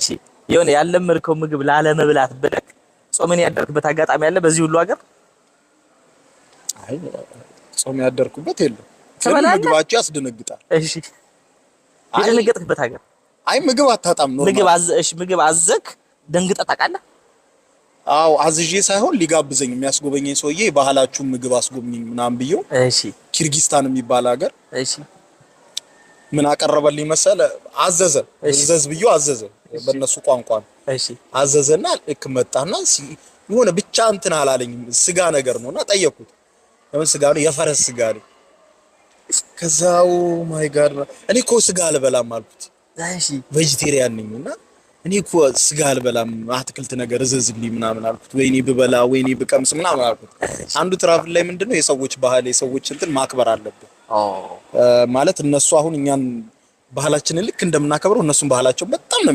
እሺ የሆነ ያለመድከው ምግብ ላለመብላት ብለህ ጾምን ያደርክበት አጋጣሚ አለ በዚህ ሁሉ ሀገር? አይ ጾም ያደርኩበት የለም። ምግባቸው ያስደነግጣል። እሺ የደነገጥክበት ሀገር? አይ ምግብ አታጣም ነው ምግብ አዘ እሺ ምግብ አዘክ ደንግጠህ ታውቃለህ? አዎ አዝዤ ሳይሆን ሊጋብዘኝ የሚያስጎበኘኝ ሰውዬ ባህላችሁን ምግብ አስጎብኝ ምናምን ብየው። እሺ ኪርጊስታን የሚባል ሀገር እሺ ምን አቀረበልኝ መሰለ? አዘዘ እዘዝ ብዩ አዘዘ፣ በእነሱ ቋንቋ ነው። አዘዘና ልክ መጣና የሆነ ብቻ እንትን አላለኝም። ስጋ ነገር ነውና ጠየኩት። ለምን ስጋ ነው? የፈረስ ስጋ ነው። ከዛው ማይ ጋድ እኔ እኮ ስጋ አልበላም አልኩት። እሺ ቬጂቴሪያን ነኝና እኔ እኮ ስጋ አልበላም፣ አትክልት ነገር እዘዝልኝ ምናምን አልኩት። ወይኔ ብበላ ወይኔ ብቀምስ ምናምን አልኩት። አንዱ ትራቭል ላይ ምንድነው የሰዎች ባህል የሰዎች እንትን ማክበር አለብን ማለት እነሱ አሁን እኛን ባህላችንን ልክ እንደምናከብረው እነሱን ባህላቸው በጣም ነው